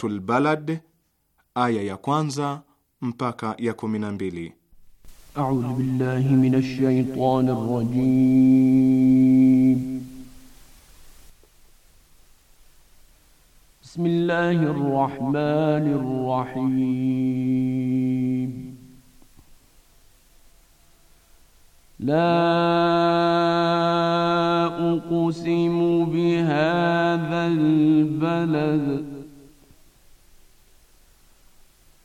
Suratul Balad aya ya kwanza mpaka ya kumi na mbili. A'udhu billahi minash shaitanir rajim. Bismillahir rahmanir rahim. لا أقسم بهذا البلد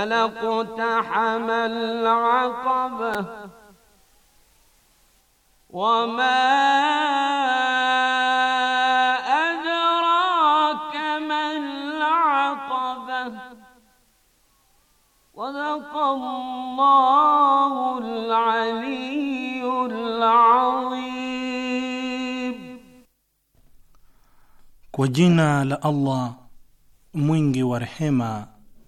فلا اقتحم العقبة وما أدراك ما العقبة وذق الله العلي العظيم وجنا لألله la Allah mwingi wa rehema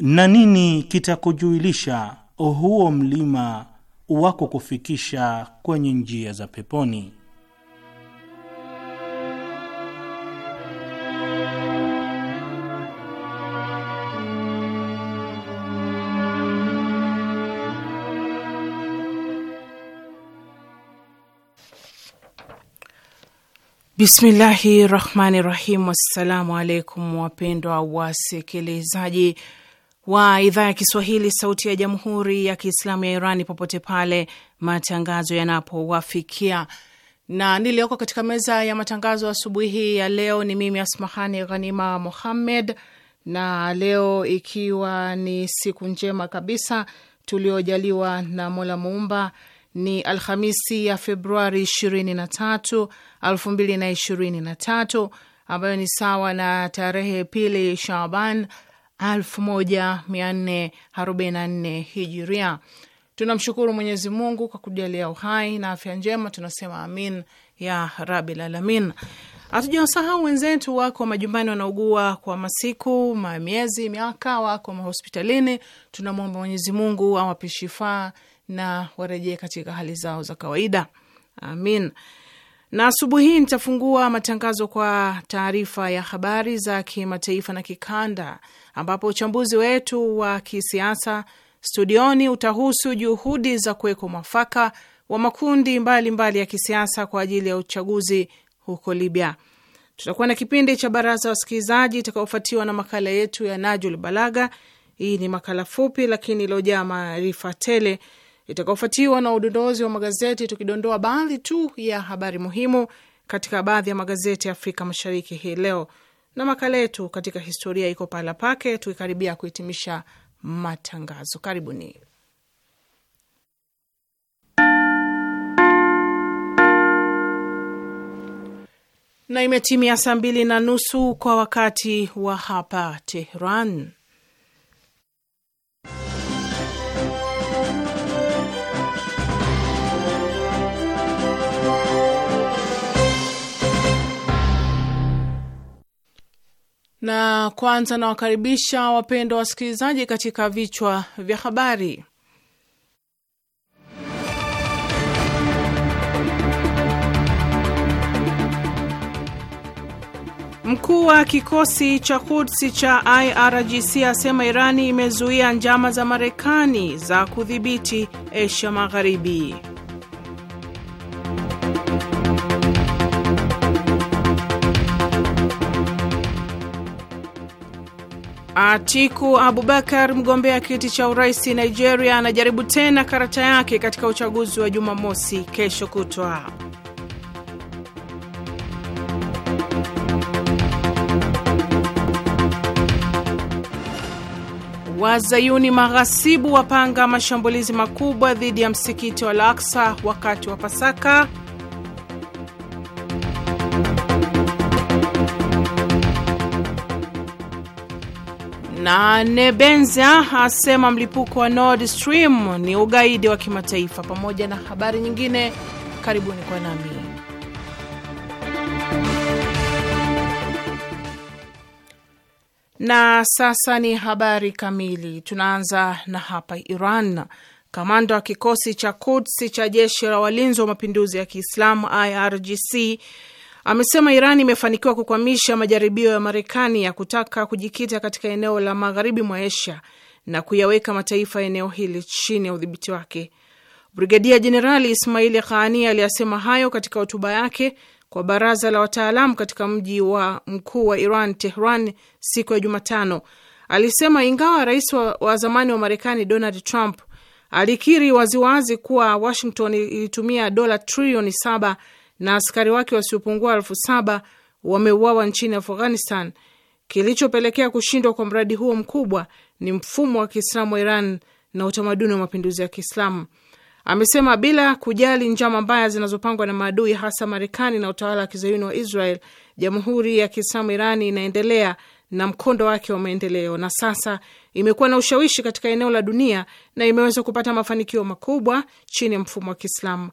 na nini kitakujuilisha huo mlima wako kufikisha kwenye njia za peponi? Bismillahi rahmani rahim. Assalamu alaikum wapendwa wasikilizaji wa idhaa ya Kiswahili sauti ya jamhuri ya Kiislamu ya Irani popote pale matangazo yanapowafikia. Na niliyoko katika meza ya matangazo asubuhi hii ya leo ni mimi Asmahani Ghanima muhammed na leo ikiwa ni siku njema kabisa tuliojaliwa na Mola Muumba, ni Alhamisi ya Februari ishirini na tatu mbili na ishirini na tatu ambayo ni sawa na tarehe pili Shaban 1444 hijiria. Tunamshukuru Mwenyezi Mungu kwa kujalia uhai na afya njema, tunasema amin ya rabil alamin. Hatujawasahau wenzetu wako majumbani, wanaugua kwa masiku, miezi, miaka, wako mahospitalini. Tunamwomba Mwenyezi Mungu awape shifaa na warejee katika hali zao za kawaida, amin na asubuhi hii nitafungua matangazo kwa taarifa ya habari za kimataifa na kikanda, ambapo uchambuzi wetu wa kisiasa studioni utahusu juhudi za kuweka mwafaka wa makundi mbalimbali mbali ya kisiasa kwa ajili ya uchaguzi huko Libya. Tutakuwa na kipindi cha baraza wasikilizaji itakaofuatiwa na makala yetu ya Najul Balaga. Hii ni makala fupi lakini iliojaa maarifa tele itakaofuatiwa na udondozi wa magazeti tukidondoa baadhi tu ya habari muhimu katika baadhi ya magazeti ya Afrika Mashariki hii leo, na makala yetu katika historia iko pahala pake, tukikaribia kuhitimisha matangazo. Karibuni. Na imetimia saa mbili na nusu kwa wakati wa hapa Tehran. na kwanza nawakaribisha wapendwa wasikilizaji katika vichwa vya habari. Mkuu wa kikosi cha Kudsi cha IRGC asema Irani imezuia njama za Marekani za kudhibiti Asia Magharibi. Atiku Abubakar, mgombea kiti cha urais Nigeria, anajaribu tena karata yake katika uchaguzi wa Jumamosi kesho kutwa. Wazayuni maghasibu wapanga mashambulizi makubwa dhidi ya msikiti wa Al-Aqsa wakati wa Pasaka. na Nebenza asema mlipuko wa Nord Stream ni ugaidi wa kimataifa, pamoja na habari nyingine. Karibuni kwa nami na sasa ni habari kamili. Tunaanza na hapa Iran. Kamanda wa kikosi cha Kudsi cha jeshi la walinzi wa mapinduzi ya Kiislamu IRGC amesema Iran imefanikiwa kukwamisha majaribio ya Marekani ya kutaka kujikita katika eneo la magharibi mwa Asia na kuyaweka mataifa ya eneo hili chini ya udhibiti wake. Brigadia Jenerali Ismaili Kaani aliyasema hayo katika hotuba yake kwa baraza la wataalamu katika mji wa mkuu wa Iran, Tehran, siku ya Jumatano. Alisema ingawa rais wa, wa zamani wa Marekani Donald Trump alikiri waziwazi kuwa Washington ilitumia dola trilioni saba na askari wake wasiopungua elfu saba wameuawa nchini Afghanistan. Kilichopelekea kushindwa kwa mradi huo mkubwa ni mfumo wa Kiislamu wa Iran na utamaduni wa mapinduzi ya Kiislamu. Amesema bila kujali njama mbaya zinazopangwa na maadui, hasa Marekani na utawala wa kizayuni wa Israel, jamhuri ya Kiislamu Irani inaendelea na mkondo wake wa maendeleo na sasa imekuwa na ushawishi katika eneo la dunia na imeweza kupata mafanikio makubwa chini ya mfumo wa Kiislamu.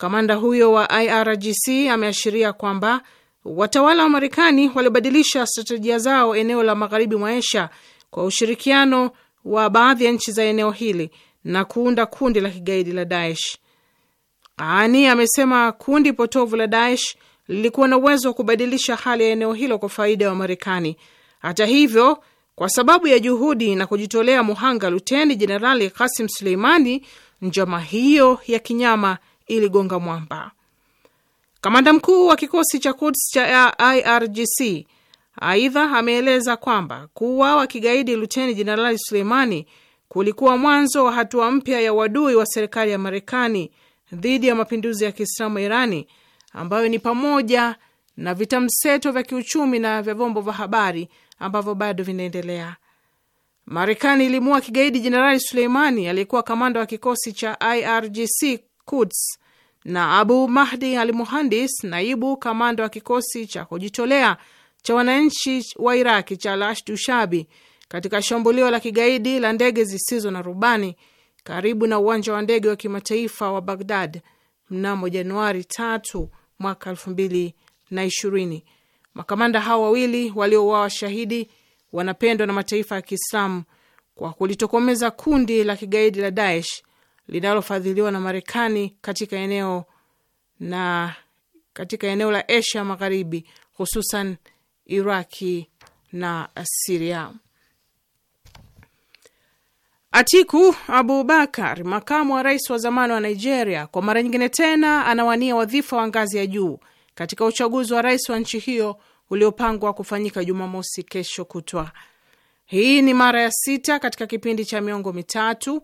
Kamanda huyo wa IRGC ameashiria kwamba watawala wa Marekani walibadilisha strategia zao eneo la magharibi mwa Asia kwa ushirikiano wa baadhi ya nchi za eneo hili na kuunda kundi la kigaidi la Daesh. Ani amesema kundi potovu la Daesh lilikuwa na uwezo wa kubadilisha hali ya eneo hilo kwa faida ya wamarekani Hata hivyo, kwa sababu ya juhudi na kujitolea muhanga Luteni Jenerali Kasim Suleimani, njama hiyo ya kinyama iligonga mwamba. Kamanda mkuu wa kikosi cha Kuds cha IRGC aidha ameeleza kwamba kuuawa kigaidi luteni jenerali Suleimani kulikuwa mwanzo wa hatua mpya ya uadui wa serikali ya Marekani dhidi ya mapinduzi ya Kiislamu Irani, ambayo ni pamoja na vita mseto vya kiuchumi na vya vyombo vya habari ambavyo bado vinaendelea. Marekani ilimua kigaidi jenerali Suleimani aliyekuwa kamanda wa kikosi cha IRGC Quds na Abu Mahdi al Muhandis, naibu kamanda wa kikosi cha kujitolea cha wananchi wa Iraki cha Lashdu Shabi katika shambulio la kigaidi la ndege zisizo na rubani karibu na uwanja wa ndege wa kimataifa wa Bagdad mnamo Januari tatu mwaka elfu mbili na ishirini. Makamanda hao wawili waliouawa shahidi wanapendwa na mataifa ya Kiislamu kwa kulitokomeza kundi la kigaidi la Daesh linalofadhiliwa na Marekani katika eneo na katika eneo la Asia Magharibi, hususan Iraki na Siria. Atiku Abubakar, makamu wa rais wa zamani wa Nigeria, kwa mara nyingine tena anawania wadhifa wa ngazi ya juu katika uchaguzi wa rais wa nchi hiyo uliopangwa kufanyika Jumamosi kesho kutwa. Hii ni mara ya sita katika kipindi cha miongo mitatu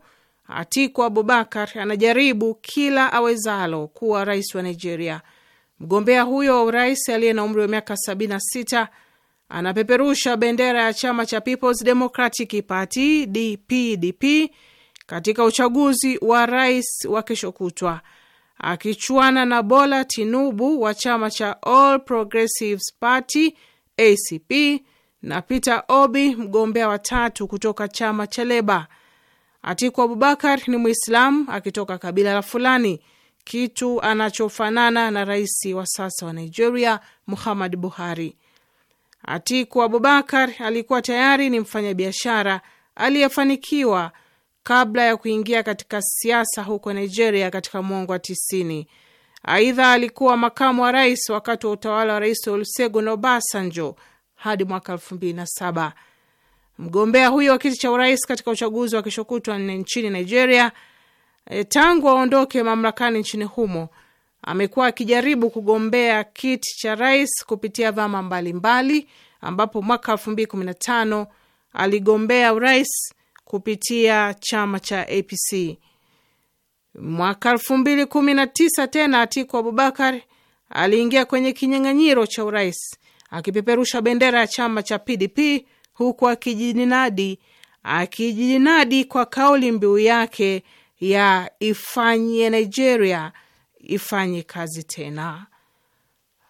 Atiku Abubakar anajaribu kila awezalo kuwa rais wa Nigeria. Mgombea huyo wa urais aliye na umri wa miaka 76 anapeperusha bendera ya chama cha Peoples Democratic Party DPDP katika uchaguzi wa rais wa kesho kutwa akichuana na Bola Tinubu wa chama cha All Progressives Party ACP na Peter Obi mgombea wa tatu kutoka chama cha Leba. Atiku Abubakar ni Mwislamu akitoka kabila la Fulani, kitu anachofanana na rais wa sasa wa Nigeria, Muhammad Buhari. Atiku Abubakar alikuwa tayari ni mfanyabiashara aliyefanikiwa kabla ya kuingia katika siasa huko Nigeria katika mwongo wa tisini. Aidha, alikuwa makamu wa rais wakati wa utawala wa Rais Olusegun Obasanjo hadi mwaka elfu mbili na saba. Mgombea huyo wa kiti cha urais katika uchaguzi wa kesho kutwa nchini Nigeria, eh, tangu aondoke mamlakani nchini humo, amekuwa akijaribu kugombea kiti cha rais kupitia vyama mbalimbali, ambapo mwaka 2015 aligombea urais kupitia chama cha APC. Mwaka 2019 tena Atiku Abubakar aliingia kwenye kinyang'anyiro cha urais akipeperusha bendera ya chama cha PDP huku akijinadi akijinadi kwa kauli mbiu yake ya ifanye Nigeria ifanye kazi tena.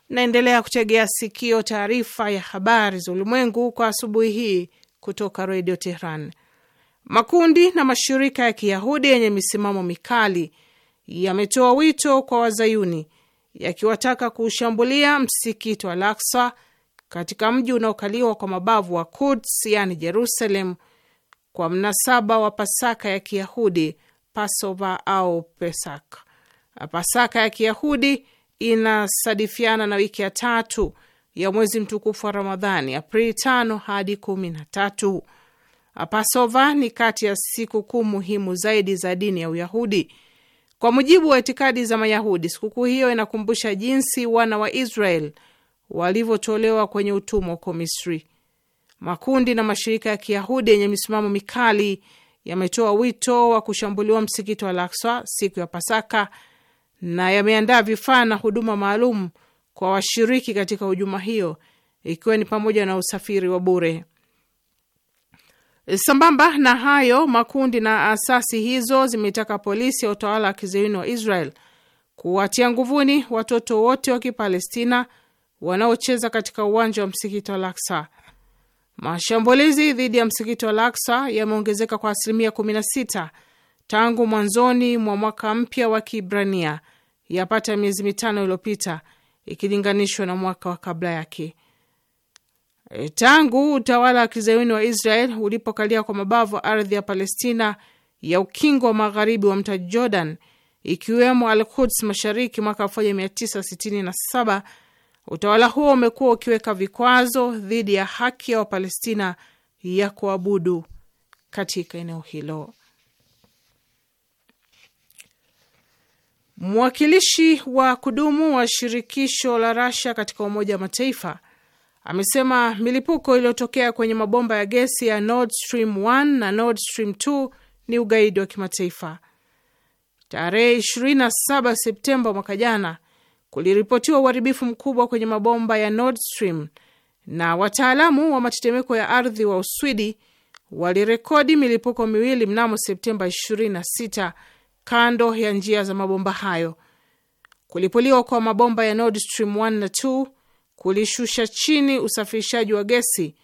Naendelea kutegea sikio taarifa ya habari za ulimwengu kwa asubuhi hii kutoka Redio Tehran. Makundi na mashirika ya Kiyahudi yenye misimamo mikali yametoa wito kwa Wazayuni yakiwataka kuushambulia msikiti wa Al-Aqsa katika mji unaokaliwa kwa mabavu wa Kuds yani Jerusalem kwa mnasaba wa Pasaka ya Kiyahudi, Pasova au Pesak. Pasaka ya Kiyahudi inasadifiana na wiki ya tatu ya mwezi mtukufu wa Ramadhani, Aprili tano hadi kumi na tatu. Pasova ni kati ya siku kuu muhimu zaidi za dini ya Uyahudi. Kwa mujibu wa itikadi za Mayahudi, sikukuu hiyo inakumbusha jinsi wana wa Israel walivyotolewa kwenye utumwa huko Misri. Makundi na mashirika ya Kiyahudi yenye misimamo mikali yametoa wito wa kushambuliwa msikiti wa Al-Aqsa siku ya Pasaka na yameandaa vifaa na huduma maalum kwa washiriki katika hujuma hiyo, ikiwa ni pamoja na usafiri wa bure. Sambamba na hayo, makundi na asasi hizo zimetaka polisi ya utawala wa kizayuni wa Israel kuwatia nguvuni watoto wote wa Kipalestina wanaocheza katika uwanja wa msikiti wa Laksa. Mashambulizi dhidi ya msikiti wa Laksa yameongezeka kwa asilimia 16 tangu mwanzoni mwa mwaka mpya wa Kiibrania, yapata miezi mitano iliyopita ikilinganishwa na mwaka wa kabla yake. E, tangu utawala wa kizayuni wa Israel ulipokalia kwa mabavu ardhi ya Palestina ya ukingo wa magharibi wa mto Jordan, ikiwemo Al Quds mashariki mwaka 1967 Utawala huo umekuwa ukiweka vikwazo dhidi ya haki ya Wapalestina ya kuabudu katika eneo hilo. Mwakilishi wa kudumu wa shirikisho la rasia katika Umoja wa Mataifa amesema milipuko iliyotokea kwenye mabomba ya gesi ya Nord Stream 1 na Nord Stream 2 ni ugaidi wa kimataifa. Tarehe 27 Septemba mwaka jana, kuliripotiwa uharibifu mkubwa kwenye mabomba ya Nord Stream na wataalamu wa matetemeko ya ardhi wa Uswidi walirekodi milipuko miwili mnamo Septemba 26 kando ya njia za mabomba hayo. Kulipuliwa kwa mabomba ya Nord Stream 1 na 2 kulishusha chini usafirishaji wa gesi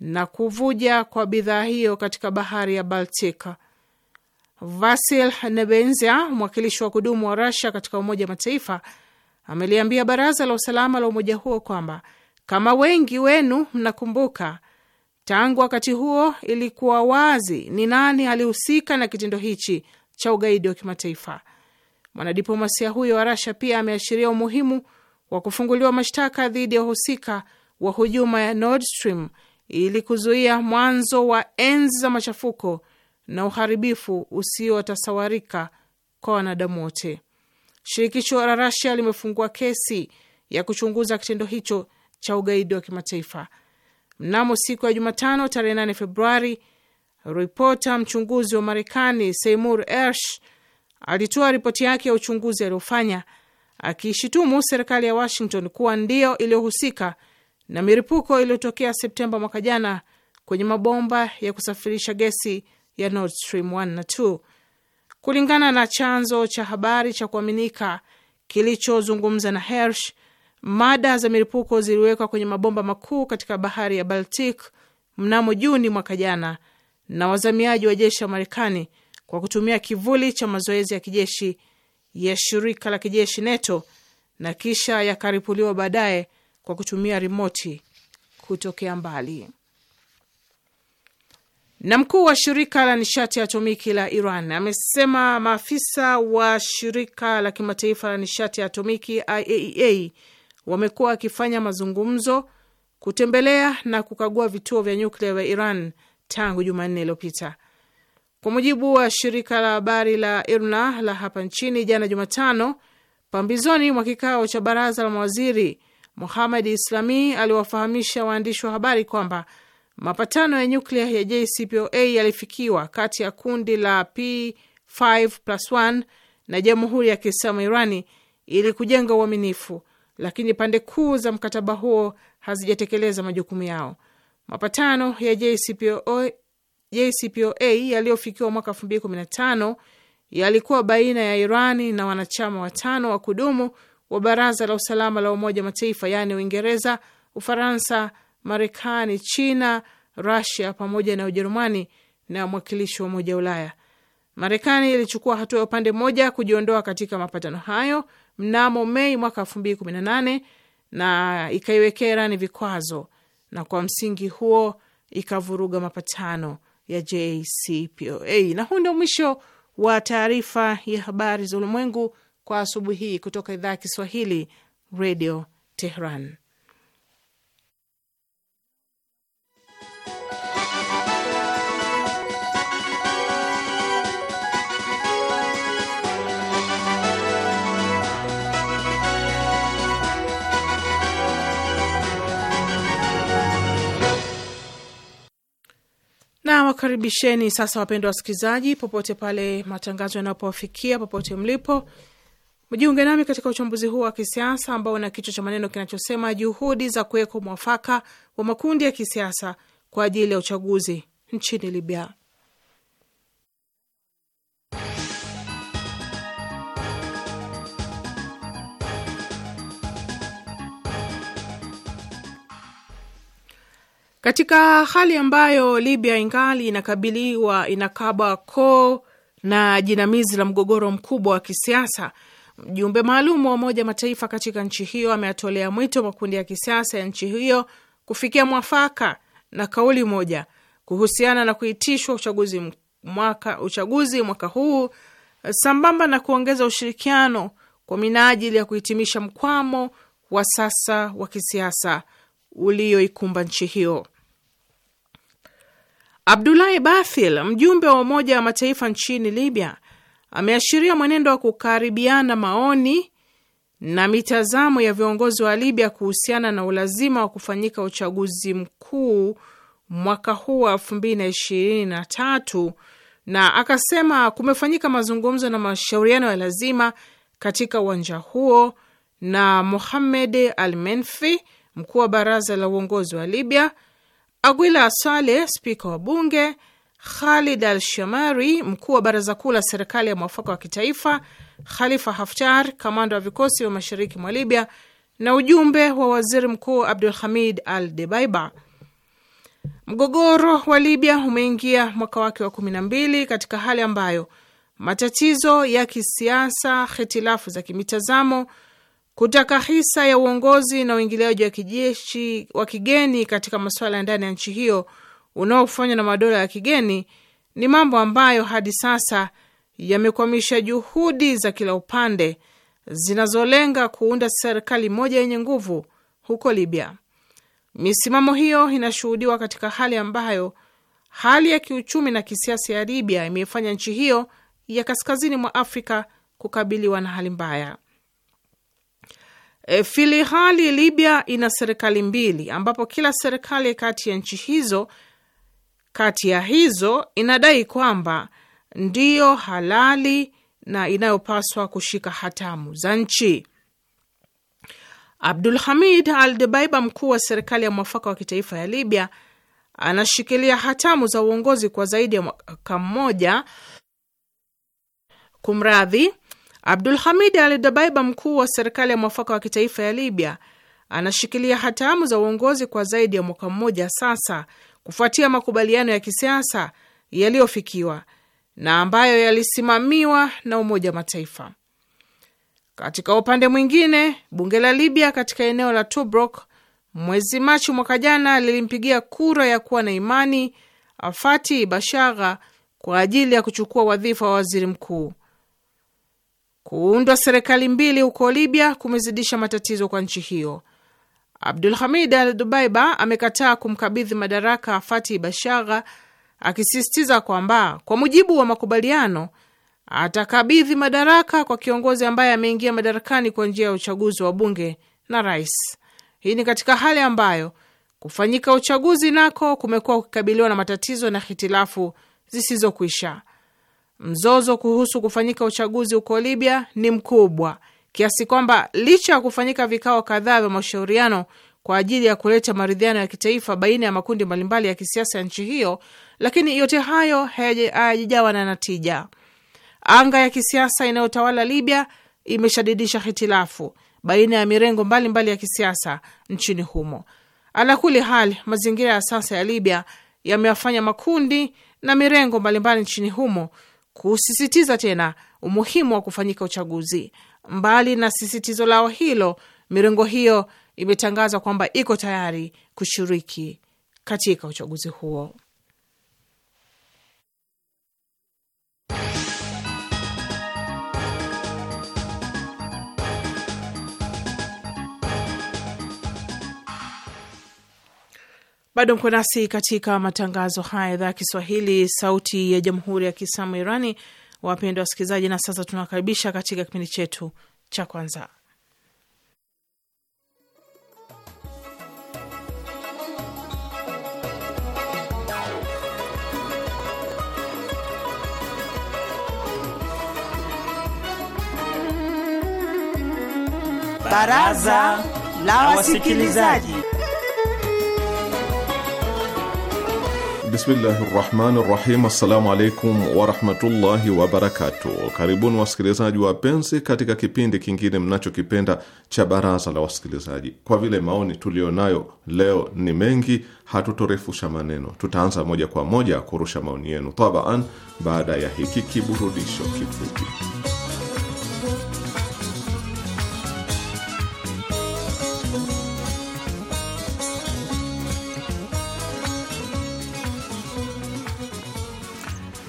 na kuvuja kwa bidhaa hiyo katika bahari ya Baltika. Vasil Nebenzia, mwakilishi wa kudumu wa Russia katika Umoja wa Mataifa, ameliambia baraza la usalama la umoja huo kwamba kama wengi wenu mnakumbuka, tangu wakati huo ilikuwa wazi ni nani alihusika na kitendo hichi cha ugaidi wa kimataifa. Mwanadiplomasia huyo wa Rasha pia ameashiria umuhimu wa kufunguliwa mashtaka dhidi ya wahusika wa hujuma ya Nord Stream ili kuzuia mwanzo wa enzi za machafuko na uharibifu usiotasawarika kwa wanadamu wote. Shirikisho la Rasia limefungua kesi ya kuchunguza kitendo hicho cha ugaidi wa kimataifa. Mnamo siku ya Jumatano tarehe 8 Februari, ripota mchunguzi wa Marekani Seymour Ersh alitoa ripoti yake ya uchunguzi aliyofanya akiishitumu serikali ya Washington kuwa ndiyo iliyohusika na milipuko iliyotokea Septemba mwaka jana kwenye mabomba ya kusafirisha gesi ya Nord Stream 1 na Kulingana na chanzo cha habari cha kuaminika kilichozungumza na Hersh, mada za milipuko ziliwekwa kwenye mabomba makuu katika bahari ya Baltic mnamo Juni mwaka jana na wazamiaji wa jeshi la Marekani kwa kutumia kivuli cha mazoezi ya kijeshi ya shirika la kijeshi NATO na kisha yakaripuliwa baadaye kwa kutumia rimoti kutokea mbali. Na mkuu wa shirika la nishati ya atomiki la Iran amesema maafisa wa shirika la kimataifa la nishati ya atomiki IAEA e wamekuwa wakifanya mazungumzo, kutembelea na kukagua vituo vya nyuklia vya Iran tangu Jumanne iliyopita. Kwa mujibu wa shirika la habari la IRNA la hapa nchini, jana Jumatano, pambizoni mwa kikao cha baraza la mawaziri, Muhamed Islami aliwafahamisha waandishi wa habari kwamba Mapatano ya nyuklia ya JCPOA yalifikiwa kati ya kundi la P5+1 na Jamhuri ya Kiislamu Irani ili kujenga uaminifu, lakini pande kuu za mkataba huo hazijatekeleza majukumu yao. Mapatano ya JCPOA, JCPOA yaliyofikiwa mwaka 2015 yalikuwa baina ya Irani na wanachama watano wa kudumu wa Baraza la Usalama la Umoja Mataifa, yaani Uingereza, Ufaransa, Marekani, China, Rusia pamoja na Ujerumani na mwakilishi wa Umoja wa Ulaya. Marekani ilichukua hatua ya upande mmoja kujiondoa katika mapatano hayo mnamo Mei mwaka elfu mbili kumi na nane na ikaiwekea Irani vikwazo na kwa msingi huo ikavuruga mapatano ya JCPOA. Na huu ndio mwisho wa taarifa ya habari za ulimwengu kwa asubuhi hii kutoka idhaa ya Kiswahili, Radio Tehran. Nawakaribisheni wakaribisheni sasa, wapendwa wasikilizaji, popote pale matangazo yanapowafikia, popote mlipo, mjiunge nami katika uchambuzi huu wa kisiasa ambao una kichwa cha maneno kinachosema juhudi za kuweka mwafaka wa makundi ya kisiasa kwa ajili ya uchaguzi nchini Libya. katika hali ambayo Libya ingali inakabiliwa inakaba koo na jinamizi la mgogoro mkubwa wa kisiasa. Mjumbe maalum wa Umoja Mataifa katika nchi hiyo ameatolea mwito makundi ya kisiasa ya nchi hiyo kufikia mwafaka na kauli moja kuhusiana na kuitishwa uchaguzi mwaka, uchaguzi mwaka huu sambamba na kuongeza ushirikiano kwa minajili ya kuhitimisha mkwamo wa sasa wa kisiasa ulioikumba nchi hiyo. Abdulahi Bathil, mjumbe wa Umoja wa Mataifa nchini Libya, ameashiria mwenendo wa kukaribiana maoni na mitazamo ya viongozi wa Libya kuhusiana na ulazima wa kufanyika uchaguzi mkuu mwaka huu wa elfu mbili na ishirini na tatu na akasema kumefanyika mazungumzo na mashauriano ya lazima katika uwanja huo na Mohamed Al Menfi, mkuu wa baraza la uongozi wa Libya, Agwila Saleh, spika wa Bunge, Khalid Al Shamari, mkuu wa baraza kuu la serikali ya mwafaka wa kitaifa, Khalifa Haftar, kamanda wa vikosi vya mashariki mwa Libya, na ujumbe wa waziri mkuu Abdul Hamid Al Debaiba. Mgogoro wa Libya umeingia mwaka wake wa kumi na mbili katika hali ambayo matatizo ya kisiasa, hitilafu za kimitazamo kutaka hisa ya uongozi na uingiliaji wa kijeshi wa kigeni katika masuala ya ndani ya nchi hiyo unaofanywa na madola ya kigeni ni mambo ambayo hadi sasa yamekwamisha juhudi za kila upande zinazolenga kuunda serikali moja yenye nguvu huko Libya. Misimamo hiyo inashuhudiwa katika hali ambayo hali ya kiuchumi na kisiasa ya Libya imeifanya nchi hiyo ya kaskazini mwa Afrika kukabiliwa na hali mbaya. E, filihali Libya ina serikali mbili ambapo kila serikali kati ya nchi hizo kati ya hizo inadai kwamba ndiyo halali na inayopaswa kushika hatamu za nchi. Abdul Hamid Al Debaiba, mkuu wa serikali ya mwafaka wa kitaifa ya Libya, anashikilia hatamu za uongozi kwa zaidi ya mwaka mmoja. Kumradhi, Abdul Hamid Al Dabaiba, mkuu wa serikali ya mwafaka wa kitaifa ya Libya, anashikilia hatamu za uongozi kwa zaidi ya mwaka mmoja sasa, kufuatia makubaliano ya kisiasa yaliyofikiwa na ambayo yalisimamiwa na Umoja wa Mataifa. Katika upande mwingine, bunge la Libya katika eneo la Tobruk mwezi Machi mwaka jana lilimpigia kura ya kuwa na imani Afati Bashagha kwa ajili ya kuchukua wadhifa wa waziri mkuu. Kuundwa serikali mbili huko Libya kumezidisha matatizo kwa nchi hiyo. Abdul Hamid Al Dubaiba amekataa kumkabidhi madaraka Fati Bashagha, akisisitiza kwamba kwa mujibu wa makubaliano atakabidhi madaraka kwa kiongozi ambaye ameingia madarakani kwa njia ya uchaguzi wa bunge na rais. Hii ni katika hali ambayo kufanyika uchaguzi nako kumekuwa kukikabiliwa na matatizo na hitilafu zisizokwisha. Mzozo kuhusu kufanyika uchaguzi huko Libya ni mkubwa kiasi kwamba licha ya kufanyika vikao kadhaa vya mashauriano kwa ajili ya kuleta maridhiano ya kitaifa baina ya makundi mbalimbali ya kisiasa ya nchi hiyo, lakini yote hayo hayajawa na natija. Anga ya kisiasa inayotawala Libya imeshadidisha hitilafu baina ya mirengo mbalimbali mbali ya kisiasa nchini humo. kuli hali, mazingira ya sasa ya Libya yamewafanya makundi na mirengo mbalimbali mbali nchini humo kusisitiza tena umuhimu wa kufanyika uchaguzi. Mbali na sisitizo lao hilo, mirengo hiyo imetangazwa kwamba iko tayari kushiriki katika uchaguzi huo. Bado mko nasi katika matangazo haya, idhaa ya Kiswahili, sauti ya jamhuri ya kiislamu Irani. Wapendwa wasikilizaji, na sasa tunawakaribisha katika kipindi chetu cha kwanza Baraza la Wasikilizaji. Bismillahi rahmani rahim. Assalamu alaikum warahmatullahi wabarakatuh. Karibuni wasikilizaji wapenzi, katika kipindi kingine mnachokipenda cha baraza la wasikilizaji. Kwa vile maoni tuliyonayo leo ni mengi, hatutorefusha maneno, tutaanza moja kwa moja kurusha maoni yenu tabaan, baada ya hiki kiburudisho kifupi.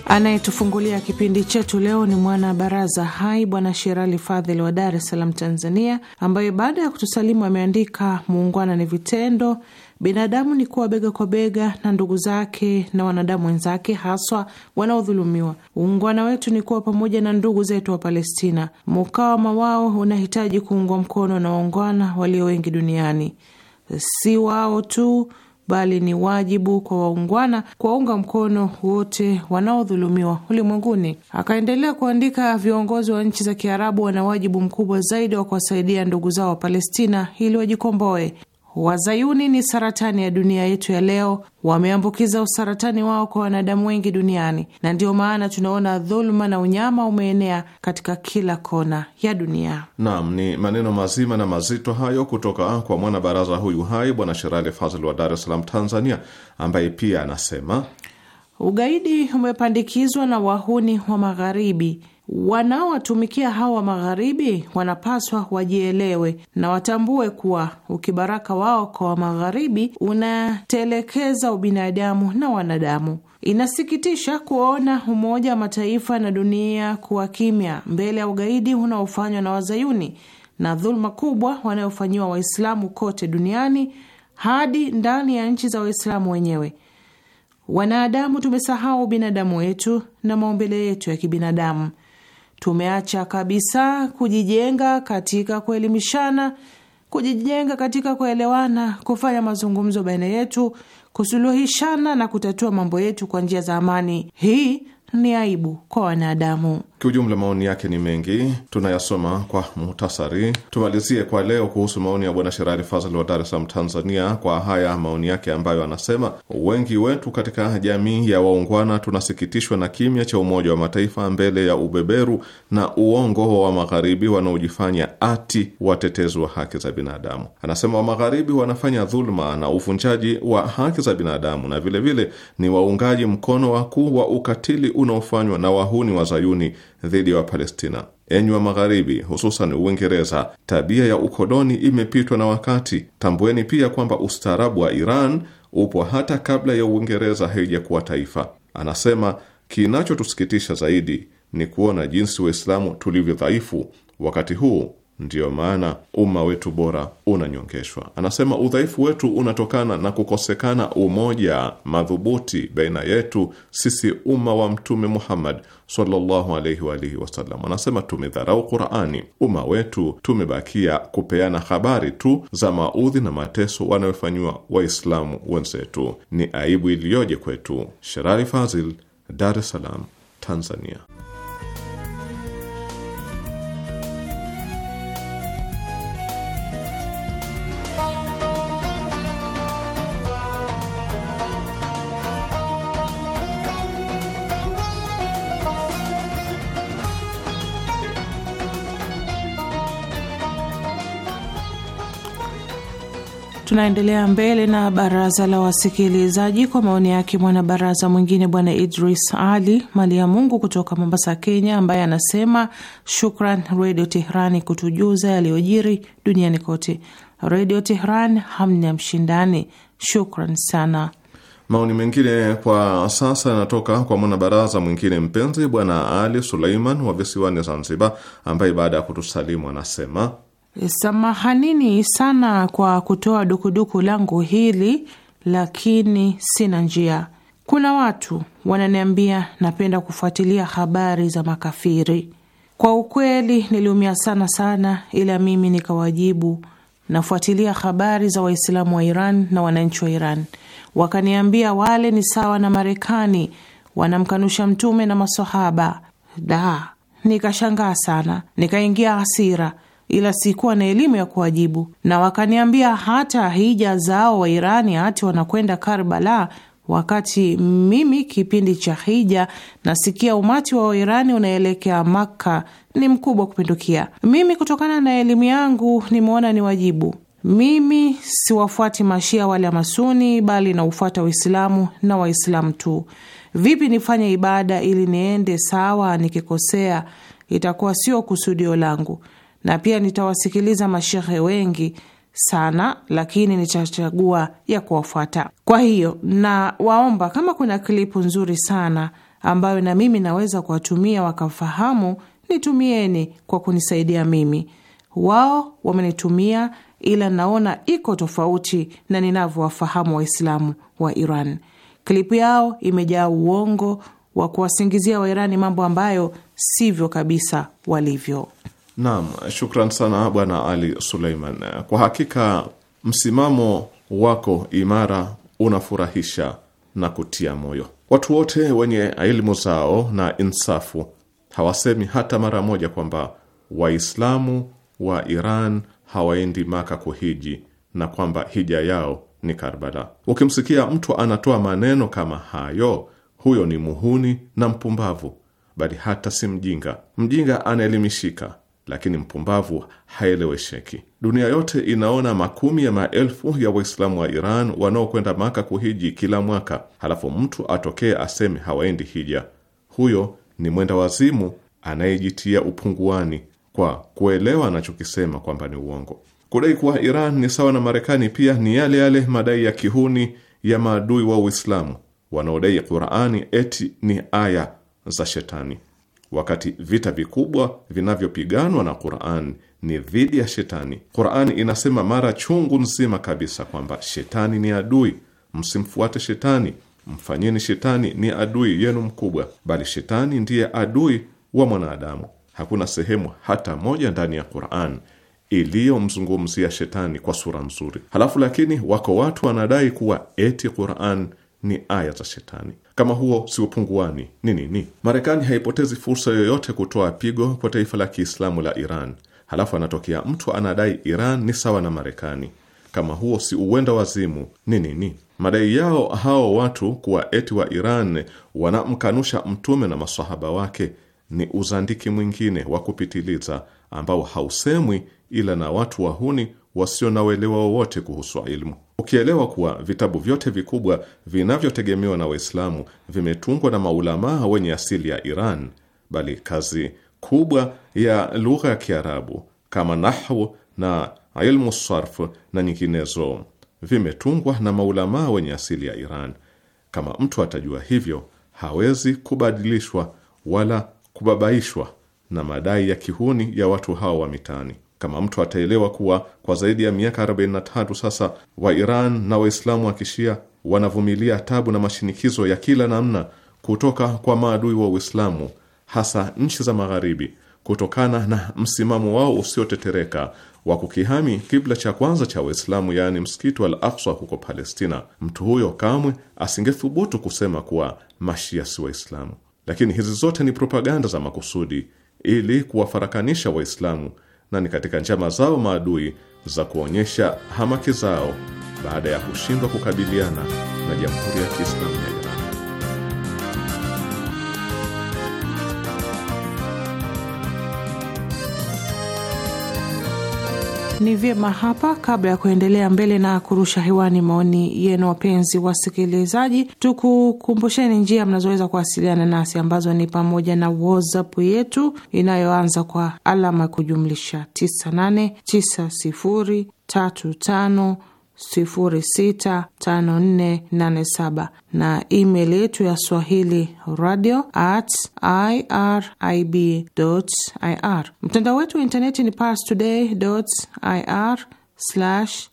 Anayetufungulia kipindi chetu leo ni mwana baraza hai Bwana Sherali Fadhili wa Dar es Salaam, Tanzania, ambaye baada ya kutusalimu ameandika: muungwana ni vitendo, binadamu ni kuwa bega kwa bega na ndugu zake na wanadamu wenzake, haswa wanaodhulumiwa. Uungwana wetu ni kuwa pamoja na ndugu zetu wa Palestina. Mukawama wao unahitaji kuungwa mkono na waungwana walio wengi duniani, si wao tu bali ni wajibu kwa waungwana kuwaunga mkono wote wanaodhulumiwa ulimwenguni. Akaendelea kuandika, viongozi wa nchi za Kiarabu wana wajibu mkubwa zaidi wa kuwasaidia ndugu zao wa Palestina ili wajikomboe. Wazayuni ni saratani ya dunia yetu ya leo. Wameambukiza usaratani wao kwa wanadamu wengi duniani, na ndiyo maana tunaona dhuluma na unyama umeenea katika kila kona ya dunia. Naam, ni maneno mazima na mazito hayo kutoka kwa mwanabaraza huyu hai Bwana Sherali Fazil wa Dar es Salaam, Tanzania, ambaye pia anasema ugaidi umepandikizwa na wahuni wa Magharibi wanaowatumikia hao wa magharibi wanapaswa wajielewe na watambue kuwa ukibaraka wao kwa wa magharibi unatelekeza ubinadamu na wanadamu. Inasikitisha kuona Umoja wa Mataifa na dunia kuwa kimya mbele ya ugaidi unaofanywa na wazayuni na dhuluma kubwa wanayofanyiwa Waislamu kote duniani hadi ndani ya nchi za Waislamu wenyewe. Wanadamu tumesahau ubinadamu wetu na maumbile yetu ya kibinadamu. Tumeacha kabisa kujijenga katika kuelimishana, kujijenga katika kuelewana, kufanya mazungumzo baina yetu, kusuluhishana na kutatua mambo yetu kwa njia za amani. Hii ni aibu kwa wanadamu. Kiujumla, maoni yake ni mengi, tunayasoma kwa muhtasari. Tumalizie kwa leo kuhusu maoni ya bwana Sherali Fazal wa Dar es Salaam, Tanzania, kwa haya maoni yake ambayo anasema, wengi wetu katika jamii ya waungwana tunasikitishwa na kimya cha Umoja wa Mataifa mbele ya ubeberu na uongo wa Magharibi wanaojifanya ati watetezi wa haki za binadamu. Anasema wa Magharibi wanafanya dhuluma na uvunjaji wa haki za binadamu na vilevile vile, ni waungaji mkono wakuu wa ukatili unaofanywa na wahuni wa Zayuni dhidi ya Wapalestina. Enyi wa Magharibi, hususan Uingereza, tabia ya ukoloni imepitwa na wakati. Tambueni pia kwamba ustaarabu wa Iran upo hata kabla ya Uingereza haijakuwa taifa. Anasema, kinachotusikitisha zaidi ni kuona jinsi Waislamu tulivyo dhaifu wakati huu Ndiyo maana umma wetu bora unanyongeshwa. Anasema udhaifu wetu unatokana na kukosekana umoja madhubuti baina yetu sisi umma wa Mtume Muhammad sallallahu alaihi wa alihi wasallam. Anasema tumedharau Qurani. Umma wetu tumebakia kupeana habari tu za maudhi na mateso wanayofanyiwa Waislamu wenzetu. Ni aibu iliyoje kwetu. Sherari Fazil, Dar es Salaam, Tanzania. Tunaendelea mbele na baraza la wasikilizaji kwa maoni yake mwanabaraza mwingine bwana Idris Ali mali ya Mungu kutoka Mombasa, Kenya, ambaye anasema shukran Redio Teherani kutujuza yaliyojiri duniani kote. Redio Teheran hamna mshindani. Shukran sana. Maoni mengine kwa sasa yanatoka kwa mwanabaraza mwingine mpenzi bwana Ali Suleiman wa visiwani Zanzibar, ambaye baada ya kutusalimu anasema Samahanini sana kwa kutoa dukuduku langu hili, lakini sina njia. Kuna watu wananiambia napenda kufuatilia habari za makafiri. Kwa ukweli niliumia sana sana, ila mimi nikawajibu nafuatilia habari za Waislamu wa Iran na wananchi wa Iran. Wakaniambia wale ni sawa na Marekani, wanamkanusha Mtume na masahaba. Da, nikashangaa sana, nikaingia hasira ila sikuwa na elimu ya kuwajibu, na wakaniambia hata hija zao Wairani hati wanakwenda Karbala wakati mimi kipindi cha hija nasikia umati wa Wairani unaelekea Makka ni mkubwa kupindukia. Mimi kutokana na elimu yangu nimeona ni wajibu. Mimi siwafuati mashia wala masuni, bali naufuata Uislamu na Waislamu tu. Vipi nifanye ibada ili niende sawa? Nikikosea itakuwa sio kusudio langu na pia nitawasikiliza mashehe wengi sana, lakini nitachagua ya kuwafuata. Kwa hiyo na waomba kama kuna klipu nzuri sana ambayo na mimi naweza kuwatumia wakafahamu, nitumieni kwa kunisaidia mimi. Wao wamenitumia ila naona iko tofauti na ninavyowafahamu Waislamu wa Iran. Klipu yao imejaa uongo wa kuwasingizia Wairani mambo ambayo sivyo kabisa walivyo. Naam, shukran sana Bwana Ali Suleiman. Kwa hakika msimamo wako imara unafurahisha na kutia moyo. Watu wote wenye elimu zao na insafu hawasemi hata mara moja kwamba Waislamu wa Iran hawaendi Maka kuhiji na kwamba hija yao ni Karbala. Ukimsikia mtu anatoa maneno kama hayo, huyo ni muhuni na mpumbavu, bali hata si mjinga. Mjinga anaelimishika lakini mpumbavu haelewesheki. Dunia yote inaona makumi ya maelfu ya Waislamu wa Iran wanaokwenda Maka kuhiji kila mwaka, halafu mtu atokee aseme hawaendi hija. Huyo ni mwenda wazimu anayejitia upunguani kwa kuelewa anachokisema kwamba ni uongo. Kudai kuwa Iran ni sawa na Marekani pia ni yale yale madai ya kihuni ya maadui wa Uislamu wanaodai Qurani eti ni aya za shetani wakati vita vikubwa vinavyopiganwa na Qur'an ni dhidi ya shetani. Qur'an inasema mara chungu nzima kabisa kwamba shetani ni adui, msimfuate shetani, mfanyeni shetani ni adui yenu mkubwa, bali shetani ndiye adui wa mwanadamu. Hakuna sehemu hata moja ndani ya Qur'an iliyomzungumzia shetani kwa sura nzuri. Halafu lakini wako watu wanadai kuwa eti Qur'an ni aya za shetani. Kama huo si upunguani ni nini? Marekani haipotezi fursa yoyote kutoa pigo kwa taifa la Kiislamu la Iran, halafu anatokea mtu anadai Iran ni sawa na Marekani. Kama huo si uwenda wazimu ni nini? Madai yao hao watu kuwa eti wa Iran wanamkanusha mtume na masahaba wake ni uzandiki mwingine wa kupitiliza ambao hausemwi ila na watu wahuni wasio na uelewa wowote kuhusu ilmu ukielewa kuwa vitabu vyote vikubwa vinavyotegemewa na Waislamu vimetungwa na maulamaa wenye asili ya Iran, bali kazi kubwa ya lugha ya Kiarabu kama nahwu na ilmu sarf na nyinginezo vimetungwa na maulamaa wenye asili ya Iran. Kama mtu atajua hivyo, hawezi kubadilishwa wala kubabaishwa na madai ya kihuni ya watu hao wa mitaani. Kama mtu ataelewa kuwa kwa zaidi ya miaka 43 sasa Wairan na Waislamu wa kishia wanavumilia tabu na mashinikizo ya kila namna kutoka kwa maadui wa Uislamu, hasa nchi za Magharibi, kutokana na msimamo wao usiotetereka wa kukihami kibla cha kwanza cha Waislamu, yaani msikiti wa Al-Aqsa huko Palestina, mtu huyo kamwe asingethubutu kusema kuwa mashia si Waislamu. Lakini hizi zote ni propaganda za makusudi ili kuwafarakanisha Waislamu na ni katika njama zao maadui za kuonyesha hamaki zao baada ya kushindwa kukabiliana na Jamhuri ya Kiislamu ya Ni vyema hapa, kabla ya kuendelea mbele na kurusha hewani maoni yenu, wapenzi wasikilizaji, tukukumbusheni njia mnazoweza kuwasiliana nasi ambazo ni pamoja na WhatsApp yetu inayoanza kwa alama ya kujumlisha 989035 065487 na email yetu ya swahili radio at irib ir. Mtandao wetu wa intaneti ni pars today ir sw.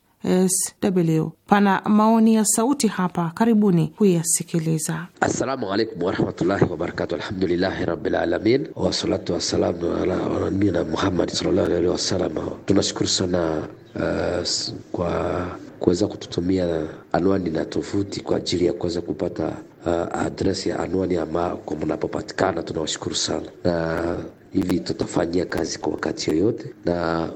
Pana maoni ya sauti hapa, karibuni kuyasikiliza. Assalamu alaikum warahmatullahi wabarakatu. Alhamdulillahi rabbil alamin wassalatu wassalamu ala nabina Muhammad sallallahu alaihi wasallam. Tunashukuru sana uh, kwa kuweza kututumia anwani na tovuti kwa ajili ya kuweza kupata uh, adresi ya anwani ambako mnapopatikana. Tunawashukuru sana, na uh, hivi tutafanyia kazi kwa wakati yoyote na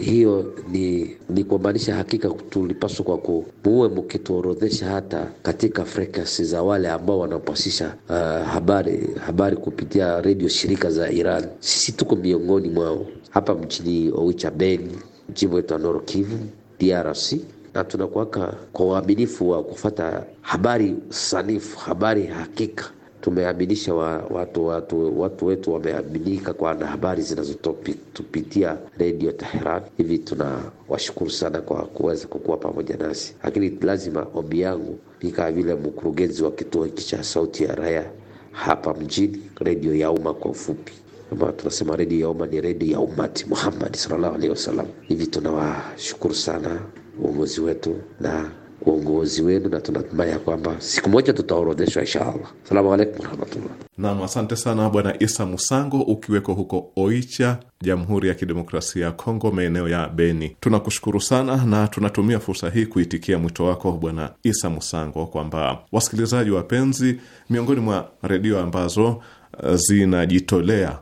hiyo ni, ni kumaanisha hakika tulipaswa kwa kuwe mkituorodhesha hata katika frekuensi za wale ambao wanapasisha uh, habari habari kupitia redio shirika za Iran. Sisi tuko miongoni mwao hapa mjini Oicha Beni, jimbo letu la Nord Kivu DRC na tunakuwaka kwa uaminifu wa kufata habari sanifu, habari hakika. Tumeaminisha wa, watu, watu, watu wetu wameaminika kwa na habari zinazotupitia redio Teheran. Hivi tunawashukuru sana kwa kuweza kukuwa pamoja nasi, lakini lazima ombi yangu ni kama vile mkurugenzi wa kituo hiki cha Sauti ya Raya hapa mjini, redio ya umma kwa ufupi kama tunasema redio ya umma ni redio ya umati Muhammad sallallahu alaihi wasallam. Hivi tunawashukuru sana uongozi wetu na uongozi wenu, na tunatumai ya kwamba siku moja tutaorodheshwa inshaallah. Salamu alaikum warahmatullah. Nam, asante sana Bwana Isa Musango, ukiweko huko Oicha, Jamhuri ya Kidemokrasia ya Kongo, maeneo ya Beni. Tunakushukuru sana na tunatumia fursa hii kuitikia mwito wako Bwana Isa Musango kwamba wasikilizaji wapenzi, miongoni mwa redio ambazo eh, zinajitolea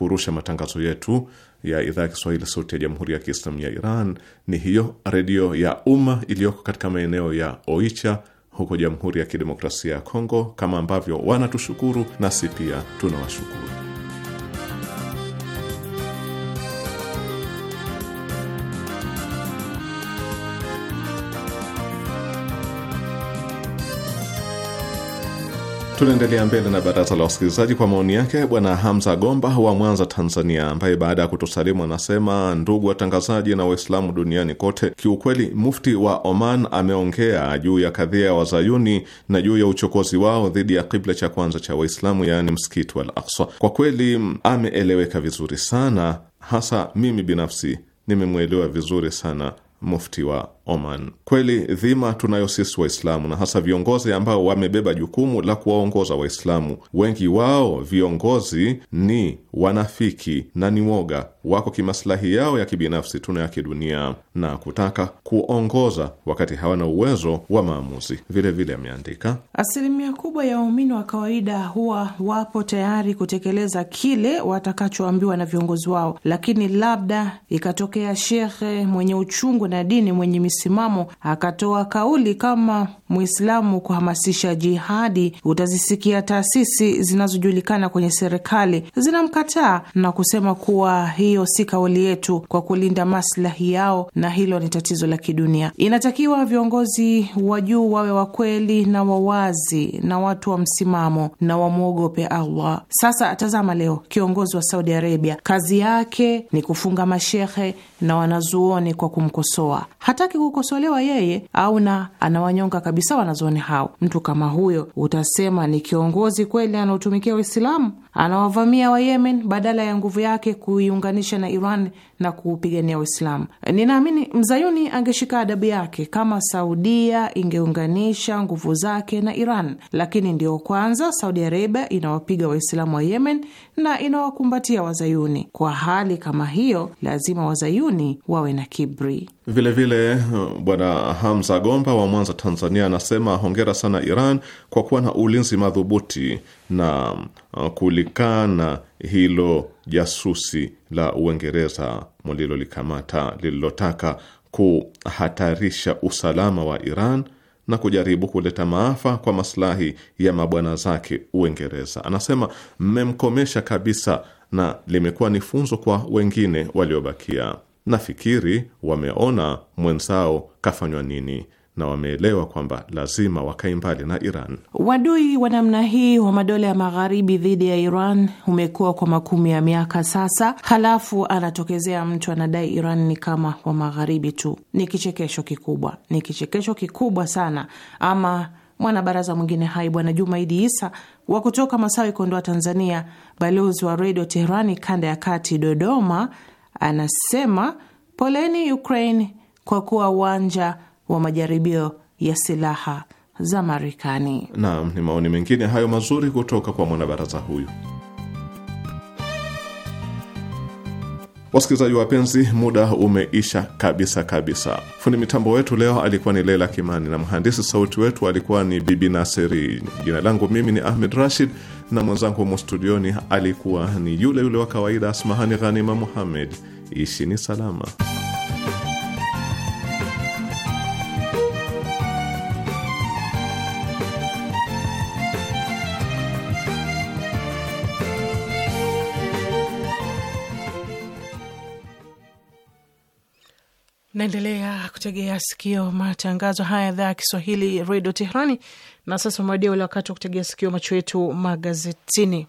kurusha matangazo yetu ya idhaa ya Kiswahili sauti ya jamhuri ya Kiislamu ya Iran ni hiyo redio ya umma iliyoko katika maeneo ya Oicha huko Jamhuri ya Kidemokrasia ya Kongo. Kama ambavyo wanatushukuru, nasi pia tunawashukuru. Tunaendelea mbele na baraza la wasikilizaji kwa maoni yake bwana Hamza Gomba wa Mwanza, Tanzania, ambaye baada ya kutusalimu anasema, ndugu watangazaji na Waislamu duniani kote, kiukweli mufti wa Oman ameongea juu ya kadhia ya wazayuni na juu ya uchokozi wao dhidi ya kibla cha kwanza cha Waislamu, yaani msikiti wa Al-Aqsa. Kwa kweli ameeleweka vizuri sana, hasa mimi binafsi nimemwelewa vizuri sana mufti wa Oman. Kweli dhima tunayo sisi Waislamu na hasa viongozi ambao wamebeba jukumu la kuwaongoza Waislamu. Wengi wao viongozi ni wanafiki na ni woga, wako kimaslahi yao ya kibinafsi tuna ya kidunia na kutaka kuongoza wakati hawana uwezo wa maamuzi. Vilevile ameandika asilimia kubwa ya waumini wa kawaida huwa wapo tayari kutekeleza kile watakachoambiwa na viongozi wao, lakini labda ikatokea shekhe mwenye uchungu na dini mwenye misimamo, akatoa kauli kama Mwislamu kuhamasisha jihadi, utazisikia taasisi zinazojulikana kwenye serikali zinamkataa na kusema kuwa hiyo si kauli yetu kwa kulinda maslahi yao, na hilo ni tatizo la kidunia. Inatakiwa viongozi wa juu wawe wakweli na wawazi na watu wa msimamo na wamwogope Allah. Sasa tazama, leo kiongozi wa Saudi Arabia kazi yake ni kufunga mashehe na wanazuoni kwa kumkosoa. Hataki kukosolewa yeye au na anawanyonga kabisa kabisa wanazuoni hao. Mtu kama huyo utasema ni kiongozi kweli anaotumikia Waislamu? anawavamia Wayemen badala ya nguvu yake kuiunganisha na Iran na kuupigania Uislamu. Ninaamini mzayuni angeshika adabu yake kama Saudia ingeunganisha nguvu zake na Iran, lakini ndiyo kwanza Saudi Arabia inawapiga Waislamu wa Yemen na inawakumbatia Wazayuni. Kwa hali kama hiyo, lazima Wazayuni wawe na kibri Vilevile Bwana Hamza Gomba wa Mwanza, Tanzania, anasema hongera sana Iran kwa kuwa na ulinzi madhubuti na uh, kulikana hilo jasusi la Uingereza mulilolikamata lililotaka kuhatarisha usalama wa Iran na kujaribu kuleta maafa kwa maslahi ya mabwana zake Uingereza. Anasema mmemkomesha kabisa, na limekuwa ni funzo kwa wengine waliobakia. Nafikiri wameona mwenzao kafanywa nini na wameelewa kwamba lazima wakae mbali na Iran. wadui wa namna hii wa madola ya magharibi dhidi ya Iran umekuwa kwa makumi ya miaka sasa, halafu anatokezea mtu anadai Iran ni kama wa magharibi tu. Ni kichekesho kikubwa, ni kichekesho kikubwa sana. Ama mwanabaraza mwingine hai Bwana Jumaidi Isa wa kutoka Masawi, Kondoa, Tanzania, balozi wa Redio Teherani kanda ya kati Dodoma, anasema poleni Ukraine kwa kuwa uwanja wa majaribio ya silaha za Marekani. Naam, ni maoni mengine hayo mazuri kutoka kwa mwanabaraza huyu. Wasikilizaji wapenzi, muda umeisha kabisa kabisa. Fundi mitambo wetu leo alikuwa ni Leila Kimani na mhandisi sauti wetu alikuwa ni Bibi Naseri. Jina langu mimi ni Ahmed Rashid na mwenzangu humo studioni alikuwa ni yule yule wa kawaida Asmahani Ghanima Muhammed. Ishini salama. Naendelea kutegea sikio matangazo haya idhaa ya Kiswahili redio Teherani. Na sasa umewadia ule wakati wa kutegea sikio macho yetu magazetini.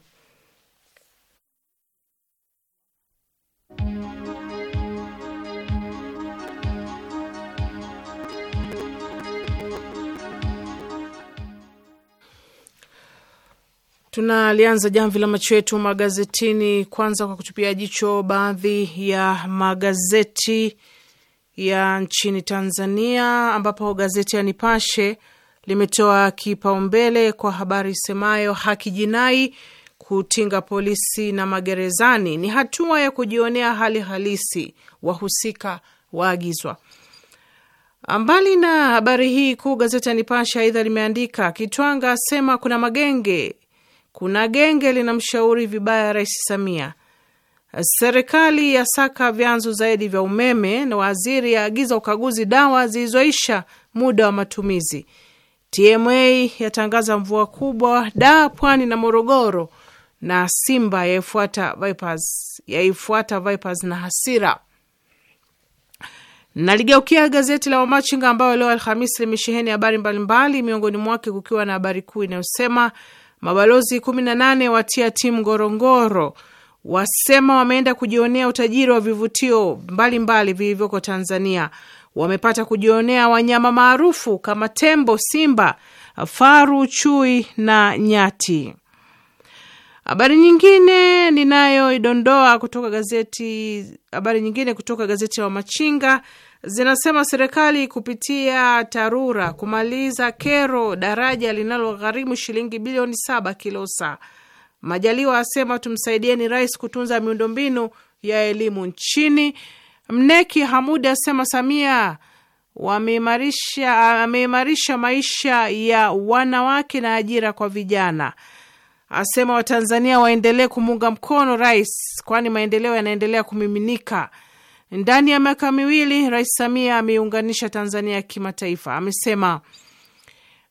Tunalianza jamvi la macho yetu magazetini kwanza kwa kutupia jicho baadhi ya magazeti ya nchini Tanzania, ambapo gazeti ya Nipashe limetoa kipaumbele kwa habari isemayo haki jinai kutinga polisi na magerezani ni hatua ya kujionea hali halisi, wahusika waagizwa. Mbali na habari hii kuu, gazeti ya Nipashe aidha limeandika Kitwanga asema kuna magenge, kuna genge linamshauri vibaya Rais Samia, Serikali yasaka vyanzo zaidi vya umeme na waziri yaagiza ukaguzi dawa zilizoisha muda wa matumizi. TMA yatangaza mvua kubwa Daa, Pwani na Morogoro, na Simba yaifuata Vipers, yaifuata Vipers na hasira. Naligeukia gazeti la Wamachinga ambayo leo Alhamisi limesheheni habari mbalimbali, miongoni mwake kukiwa na habari kuu inayosema mabalozi 18 watia timu Ngorongoro wasema wameenda kujionea utajiri wa vivutio mbalimbali vilivyoko Tanzania. Wamepata kujionea wanyama maarufu kama tembo, simba, faru, chui na nyati. Habari nyingine ninayoidondoa kutoka gazeti, habari nyingine kutoka gazeti la wamachinga zinasema serikali kupitia TARURA kumaliza kero daraja linalogharimu shilingi bilioni saba Kilosa. Majaliwa asema tumsaidieni rais kutunza miundombinu ya elimu nchini. Mneki Hamudi asema Samia ameimarisha maisha ya wanawake na ajira kwa vijana. Asema Watanzania waendelee kumuunga mkono rais, kwani maendeleo yanaendelea kumiminika. Ndani ya miaka miwili, Rais Samia ameiunganisha Tanzania ya kimataifa. Amesema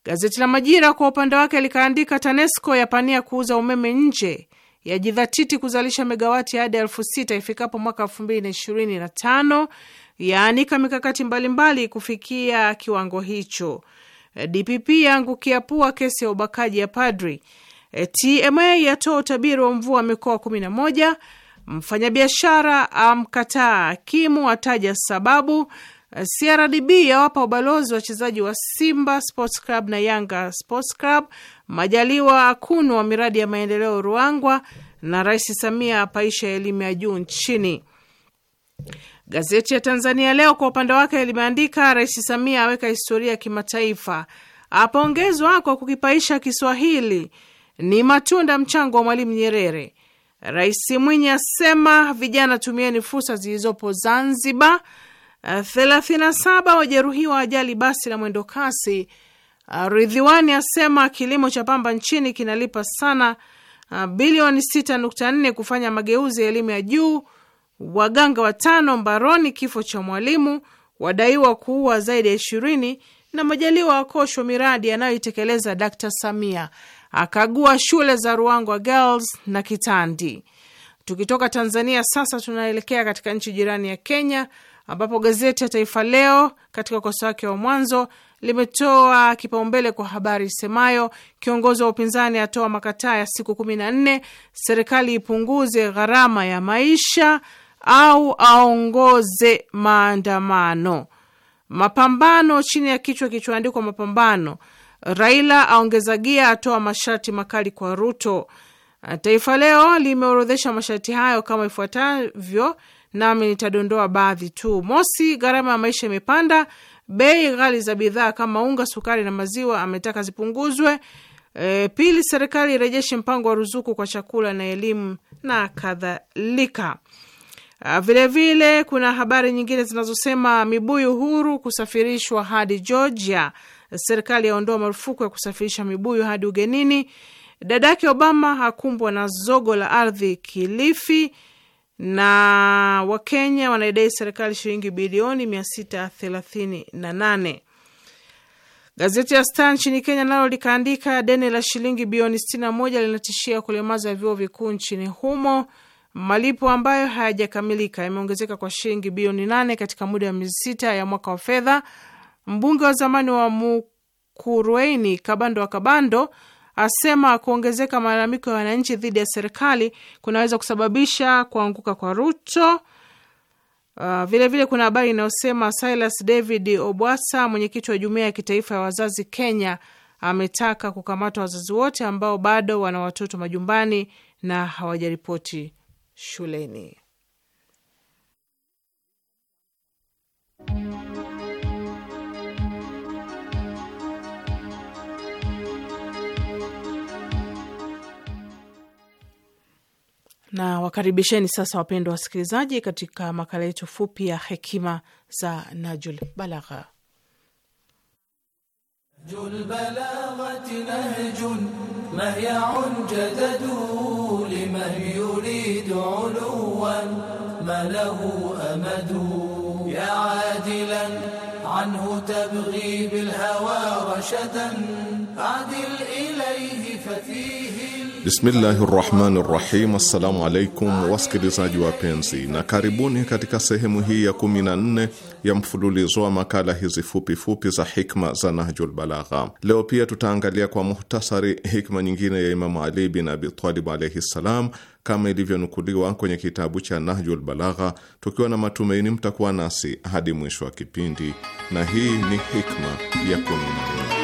Gazeti la Majira kwa upande wake likaandika TANESCO yapania kuuza umeme nje, yajidhatiti kuzalisha megawati hadi elfu sita ifikapo mwaka elfu mbili na ishirini na tano, yaanika mikakati mbalimbali mbali kufikia kiwango hicho. DPP yaangukia pua kesi ya ubakaji ya padri. TMA yatoa utabiri wa mvua mikoa 11. Mfanyabiashara amkataa kimu ataja sababu CRDB yawapa ubalozi wachezaji wa Simba Sports Club na Yanga Sports Club. Majaliwa wa miradi ya maendeleo Ruangwa, na Rais Samia apaisha elimu ya juu nchini. Gazeti ya Tanzania Leo kwa upande wake limeandika Rais Samia aweka historia ya kimataifa, apongezwa kwa kukipaisha Kiswahili, ni matunda mchango wa Mwalimu Nyerere. Rais Mwinyi asema vijana, tumieni fursa zilizopo Zanzibar 37 wajeruhiwa ajali basi la mwendo kasi. Ah, Ridhiwani asema kilimo cha pamba nchini kinalipa sana. Ah, bilioni 6.4 kufanya mageuzi ya elimu ya juu. Waganga watano mbaroni kifo cha mwalimu. Wadaiwa kuua zaidi ya ishirini na Majaliwa akoshwa miradi anayoitekeleza Dkt Samia akagua shule za Ruangwa Girls na Kitandi. Tukitoka Tanzania sasa tunaelekea katika nchi jirani ya Kenya ambapo gazeti ya Taifa Leo katika ukurasa wake wa mwanzo limetoa kipaumbele kwa habari isemayo kiongozi wa upinzani atoa makataa ya siku kumi na nne, serikali ipunguze gharama ya maisha au aongoze maandamano. Mapambano chini ya kichwa kilichoandikwa mapambano, Raila aongeza gia, atoa masharti makali kwa Ruto. Taifa Leo limeorodhesha masharti hayo kama ifuatavyo: nami nitadondoa baadhi tu. Mosi, gharama ya maisha imepanda. Bei ghali za bidhaa kama unga, sukari na maziwa ametaka zipunguzwe. E, pili, serikali irejeshe mpango wa ruzuku kwa chakula na elimu na kadhalika. Vilevile kuna habari nyingine zinazosema mibuyu huru kusafirishwa hadi Georgia. Serikali yaondoa marufuku ya kusafirisha mibuyu hadi ugenini. Dadake Obama hakumbwa na zogo la ardhi Kilifi na Wakenya wanaidai serikali shilingi bilioni nane. Gazeti ya Star nchini Kenya nalo likaandika deni la shilingi bilioni moja linatishia kulemaza vyuo vikuu nchini humo. Malipo ambayo hayajakamilika yameongezeka kwa shilingi bilioni nane katika muda wa miezi sita ya mwaka wa fedha. Mbunge wa zamani wa Mukurweini Kabando wa Kabando asema kuongezeka malalamiko ya wananchi dhidi ya serikali kunaweza kusababisha kuanguka kwa Ruto. Uh, vilevile kuna habari inayosema Silas David Obwasa, mwenyekiti wa jumuiya ya kitaifa ya wazazi Kenya, ametaka kukamatwa wazazi wote ambao bado wana watoto majumbani na hawajaripoti shuleni. na wakaribisheni sasa wapendwa wasikilizaji, katika makala yetu fupi ya hekima za Najul Balagha. عنه تبغي بالهوى رشدا عدل إليه ففيه Bismillahi rahmani rahim. Assalamu alaikum wasikilizaji wapenzi, na karibuni katika sehemu hii ya kumi na nne ya mfululizo wa makala hizi fupi fupi za hikma za Nahjul Balagha. Leo pia tutaangalia kwa muhtasari hikma nyingine ya Imamu Ali bin Abi Talib alaihi ssalam, kama ilivyonukuliwa kwenye kitabu cha Nahjul Balagha, tukiwa na matumaini mtakuwa nasi hadi mwisho wa kipindi, na hii ni hikma ya kumi na nne.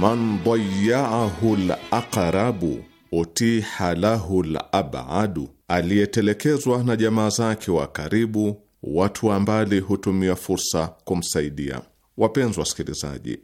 man dayaahu laqarabu utiha lahu labadu, aliyetelekezwa na jamaa zake wa karibu, watu wa mbali hutumia fursa kumsaidia. Wapenzi wasikilizaji,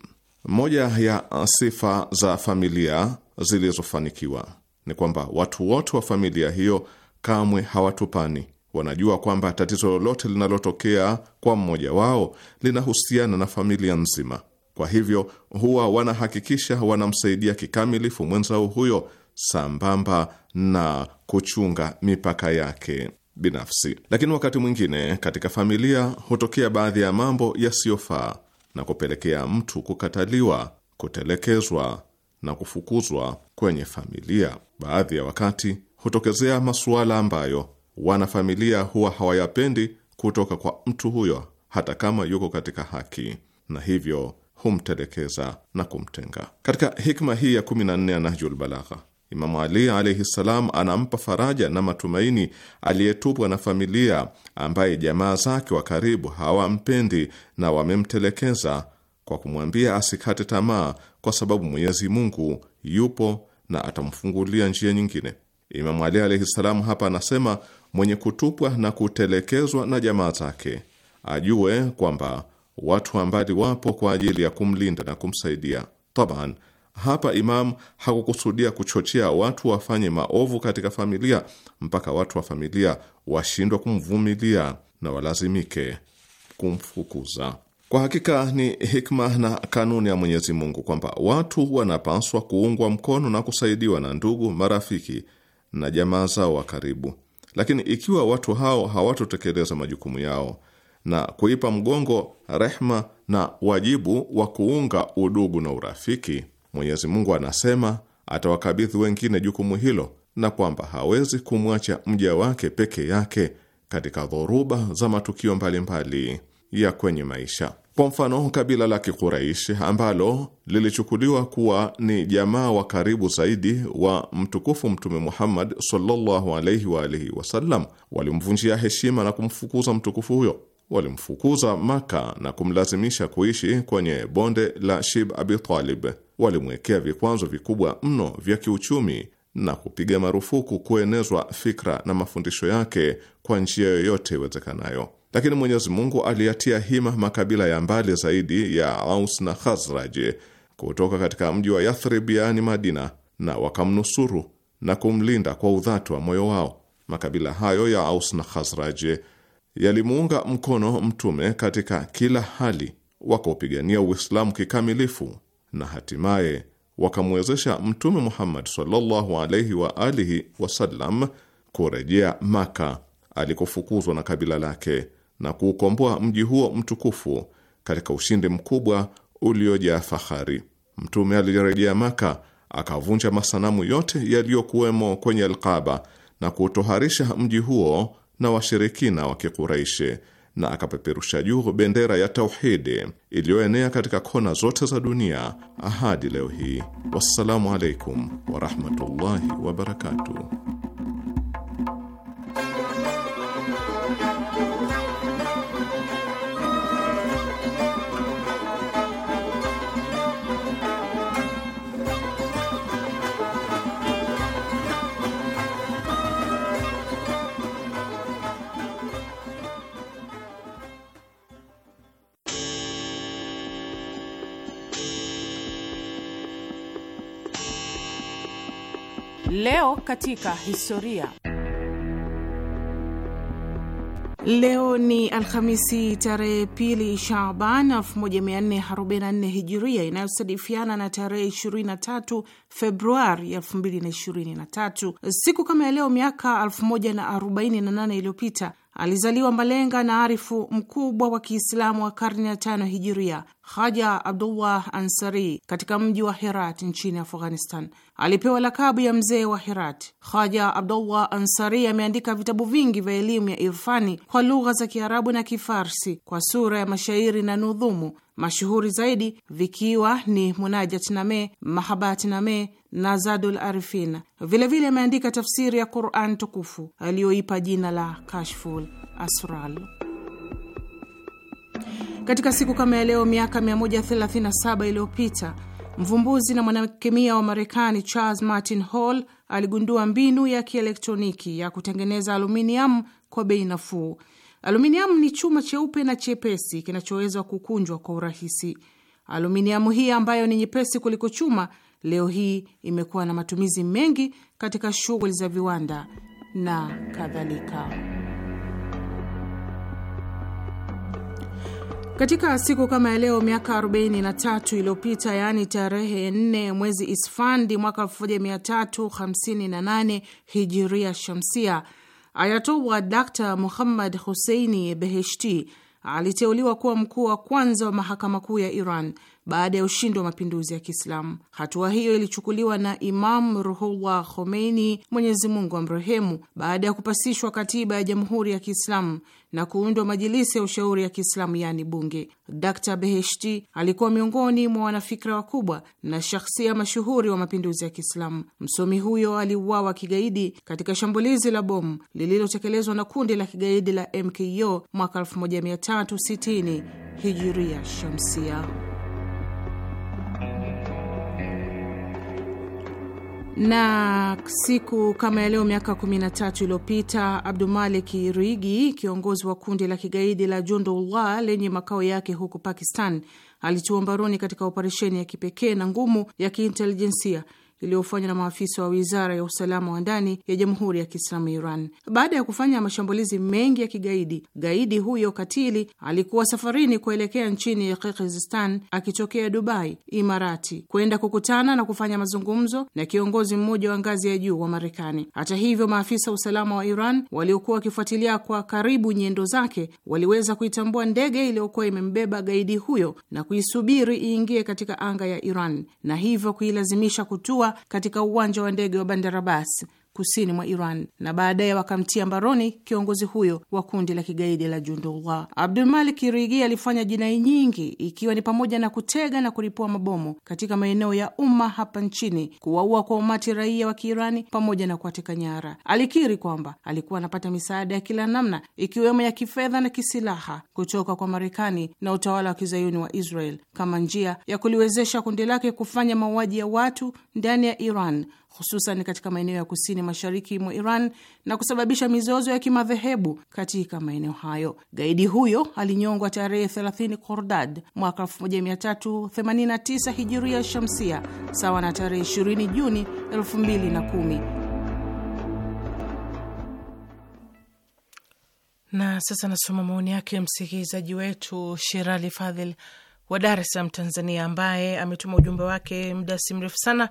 moja ya sifa za familia zilizofanikiwa ni kwamba watu wote wa familia hiyo kamwe hawatupani. Wanajua kwamba tatizo lolote linalotokea kwa mmoja wao linahusiana na familia nzima. Kwa hivyo huwa wanahakikisha wanamsaidia kikamilifu mwenzao huyo, sambamba na kuchunga mipaka yake binafsi. Lakini wakati mwingine katika familia hutokea baadhi ya mambo yasiyofaa na kupelekea mtu kukataliwa, kutelekezwa na kufukuzwa kwenye familia. Baadhi ya wakati hutokezea masuala ambayo wanafamilia huwa hawayapendi kutoka kwa mtu huyo, hata kama yuko katika haki, na hivyo humtelekeza na kumtenga. Katika hikma hii ya 14 ya Nahjul Balagha, Imamu Ali alaihi ssalam anampa faraja na matumaini aliyetupwa na familia ambaye jamaa zake wa karibu hawampendi na wamemtelekeza, kwa kumwambia asikate tamaa, kwa sababu Mwenyezi Mungu yupo na atamfungulia njia nyingine. Imamu Ali alaihi ssalam hapa anasema mwenye kutupwa na kutelekezwa na jamaa zake ajue kwamba watu ambali wapo kwa ajili ya kumlinda na kumsaidia. Taban, hapa Imam hakukusudia kuchochea watu wafanye maovu katika familia mpaka watu wa familia washindwa kumvumilia na walazimike kumfukuza. Kwa hakika ni hikma na kanuni ya Mwenyezi Mungu kwamba watu wanapaswa kuungwa mkono na kusaidiwa na ndugu, marafiki na jamaa zao wa karibu, lakini ikiwa watu hao hawatotekeleza majukumu yao na kuipa mgongo rehma na wajibu wa kuunga udugu na urafiki, Mwenyezi Mungu anasema atawakabidhi wengine jukumu hilo na kwamba hawezi kumwacha mja wake peke yake katika dhoruba za matukio mbalimbali mbali ya kwenye maisha. Kwa mfano, kabila la Kikuraishi ambalo lilichukuliwa kuwa ni jamaa wa karibu zaidi wa mtukufu Mtume Muhammad sallallahu alaihi wa alihi wasallam walimvunjia heshima na kumfukuza mtukufu huyo walimfukuza Maka na kumlazimisha kuishi kwenye bonde la Shib abitalib Walimwekea vikwazo vikubwa mno vya kiuchumi na kupiga marufuku kuenezwa fikra na mafundisho yake kwa njia yoyote iwezekanayo. Lakini Mwenyezi Mungu aliyatia hima makabila ya mbali zaidi ya Aus na Khazraj kutoka katika mji wa Yathrib, yaani Madina, na wakamnusuru na kumlinda kwa udhati wa moyo wao. Makabila hayo ya Aus na Khazraj yalimuunga mkono mtume katika kila hali, wakaupigania Uislamu kikamilifu na hatimaye wakamwezesha Mtume Muhammad sallallahu alaihi wa alihi wasallam kurejea Maka alikofukuzwa na kabila lake na kuukomboa mji huo mtukufu katika ushindi mkubwa uliojaa fahari. Mtume alirejea Maka akavunja masanamu yote yaliyokuwemo kwenye alqaba na kuutoharisha mji huo na washirikina wa Kikureishi na akapeperusha juu bendera ya tauhidi iliyoenea katika kona zote za dunia hadi leo hii. Wassalamu alaikum warahmatullahi wabarakatuh. Leo katika historia. Leo ni Alhamisi tarehe pili Shaban 1444 Hijiria, inayosadifiana na tarehe 23 Februari 2023. Siku kama ya leo miaka 1048 iliyopita Alizaliwa Malenga na arifu mkubwa wa Kiislamu wa karne ya tano hijiria, Haja Abdullah Ansari, katika mji wa Herat nchini Afghanistan. Alipewa lakabu ya mzee wa Herat. Haja Abdullah Ansari ameandika vitabu vingi vya elimu ya irfani kwa lugha za Kiarabu na Kifarsi kwa sura ya mashairi na nudhumu mashuhuri zaidi vikiwa ni munajat Mahabat Name na Zadul Arifin. Vilevile ameandika tafsiri ya Quran tukufu aliyoipa jina la Kashful Asral. Katika siku kama ya leo miaka 137 iliyopita mvumbuzi na mwanakemia wa Marekani Charles Martin Hall aligundua mbinu ya kielektroniki ya kutengeneza aluminium kwa bei nafuu. Aluminiamu ni chuma cheupe na chepesi kinachoweza kukunjwa kwa urahisi. Aluminiamu hii ambayo ni nyepesi kuliko chuma, leo hii imekuwa na matumizi mengi katika shughuli za viwanda na kadhalika. Katika siku kama ya leo miaka 43 iliyopita, yaani tarehe 4 mwezi Isfandi mwaka 1358 hijiria shamsia Ayatollah Dr Muhammad Huseini Beheshti aliteuliwa kuwa mkuu wa kwanza wa mahakama kuu ya Iran baada ya ushindi wa mapinduzi ya Kiislamu. Hatua hiyo ilichukuliwa na Imam Ruhullah Khomeini, Mwenyezi Mungu amrehemu, baada ya kupasishwa katiba ya Jamhuri ya Kiislamu na kuundwa majilisi ya ushauri ya Kiislamu yaani bunge. Dr Beheshti alikuwa miongoni mwa wanafikra wakubwa na shakhsia mashuhuri wa mapinduzi ya Kiislamu. Msomi huyo aliuawa kigaidi katika shambulizi la bomu lililotekelezwa na kundi la kigaidi la MKO mwaka 1360 hijiria shamsia. na siku kama ya leo miaka 13 iliyopita Abdumalik Rigi, kiongozi wa kundi la kigaidi la Jundullah lenye makao yake huko Pakistan, alitiwa mbaroni katika operesheni ya kipekee na ngumu ya kiintelijensia iliyofanywa na maafisa wa wizara ya usalama wa ndani ya Jamhuri ya Kiislamu Iran. Baada ya kufanya mashambulizi mengi ya kigaidi, gaidi huyo katili alikuwa safarini kuelekea nchini Kirgizistan akitokea Dubai, Imarati, kwenda kukutana na kufanya mazungumzo na kiongozi mmoja wa ngazi ya juu wa Marekani. Hata hivyo, maafisa wa usalama wa Iran waliokuwa wakifuatilia kwa karibu nyendo zake waliweza kuitambua ndege iliyokuwa imembeba gaidi huyo na kuisubiri iingie katika anga ya Iran na hivyo kuilazimisha kutua katika uwanja wa ndege wa Bandarabas kusini mwa Iran na baadaye wakamtia mbaroni kiongozi huyo wa kundi la kigaidi la Jundullah. Abdulmalik Irigi alifanya jinai nyingi, ikiwa ni pamoja na kutega na kulipua mabomu katika maeneo ya umma hapa nchini, kuwaua kwa umati raia wa Kiirani pamoja na kuwateka nyara. Alikiri kwamba alikuwa anapata misaada ya kila namna, ikiwemo ya kifedha na kisilaha kutoka kwa Marekani na utawala wa kizayuni wa Israel kama njia ya kuliwezesha kundi lake kufanya mauaji ya watu ndani ya Iran hususan katika maeneo ya kusini mashariki mwa Iran na kusababisha mizozo ya kimadhehebu katika maeneo hayo. Gaidi huyo alinyongwa tarehe 30 Kordad mwaka 1389 hijiria shamsia, sawa na tarehe 20 Juni 2010. Na sasa nasoma maoni yake msikilizaji wetu Sherali Fadhil wa Dar es Salaam, Tanzania, ambaye ametuma ujumbe wake muda si mrefu sana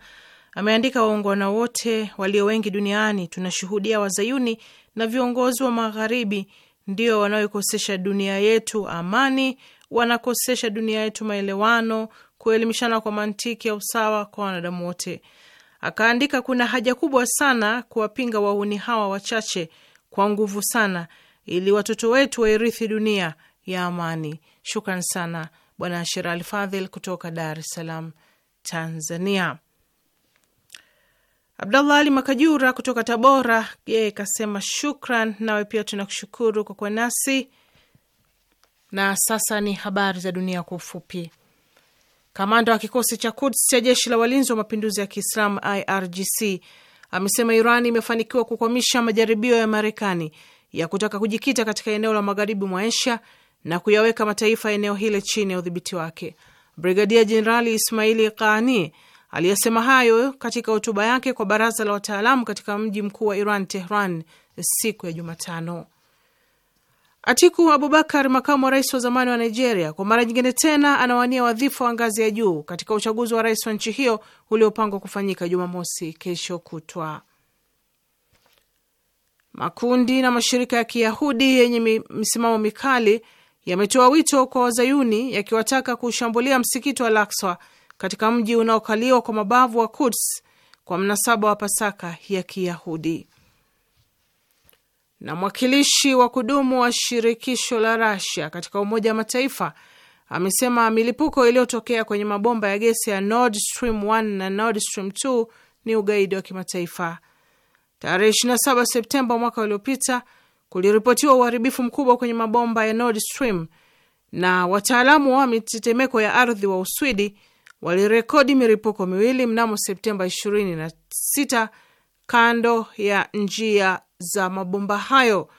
Ameandika, waungwana wote walio wengi duniani tunashuhudia wazayuni na viongozi wa magharibi ndio wanaoikosesha dunia yetu amani, wanakosesha dunia yetu maelewano, kuelimishana kwa mantiki ya usawa kwa wanadamu wote. Akaandika, kuna haja kubwa sana kuwapinga wahuni hawa wachache kwa nguvu sana, ili watoto wetu wairithi dunia ya amani. Shukran sana Bwana Ashir kutoka Dar es Salaam, Tanzania. Abdallah Ali Makajura kutoka Tabora, yeye kasema shukran. Nawe pia tunakushukuru kwa kuwa nasi. Na sasa ni habari za dunia kwa ufupi. Kamanda wa kikosi cha Kuds cha jeshi la walinzi wa mapinduzi ya Kiislamu IRGC amesema Iran imefanikiwa kukwamisha majaribio ya Marekani ya kutaka kujikita katika eneo la magharibi mwa Asia na kuyaweka mataifa ya eneo hile chini ya udhibiti wake. Brigadia Jenerali Ismaili Qaani aliyesema hayo katika hotuba yake kwa baraza la wataalamu katika mji mkuu wa Iran, Tehran, siku ya Jumatano. Atiku Abubakar, makamu wa rais wa zamani wa Nigeria, kwa mara nyingine tena anawania wadhifa wa ngazi ya juu katika uchaguzi wa rais wa nchi hiyo uliopangwa kufanyika Jumamosi kesho kutwa. Makundi na mashirika ya Kiyahudi yenye misimamo mikali yametoa wito kwa Wazayuni yakiwataka kushambulia msikiti wa Al-Aqsa katika mji unaokaliwa kwa mabavu wa Kuds kwa mnasaba wa Pasaka ya Kiyahudi. Na mwakilishi wa kudumu wa shirikisho la Rasia katika Umoja wa Mataifa amesema milipuko iliyotokea kwenye mabomba ya gesi ya Nord Stream 1 na Nord Stream 2 ni ugaidi wa kimataifa. Tarehe 27 Septemba mwaka uliopita kuliripotiwa uharibifu mkubwa kwenye mabomba ya Nord Stream, na wataalamu wa mitetemeko ya ardhi wa Uswidi walirekodi miripuko miwili mnamo Septemba 26 kando ya njia za mabomba hayo.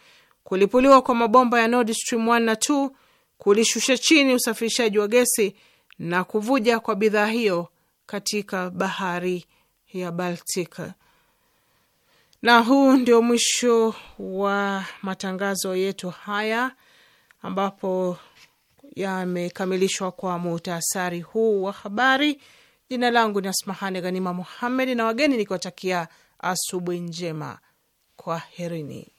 Kulipuliwa kwa mabomba ya Nord Stream 1 na 2 kulishusha chini usafirishaji wa gesi na kuvuja kwa bidhaa hiyo katika bahari ya Baltic. Na huu ndio mwisho wa matangazo yetu haya ambapo yamekamilishwa kwa muhtasari huu wa habari. Jina langu ni Asmahani Ghanima muhammed na wageni nikiwatakia asubuhi njema, kwaherini.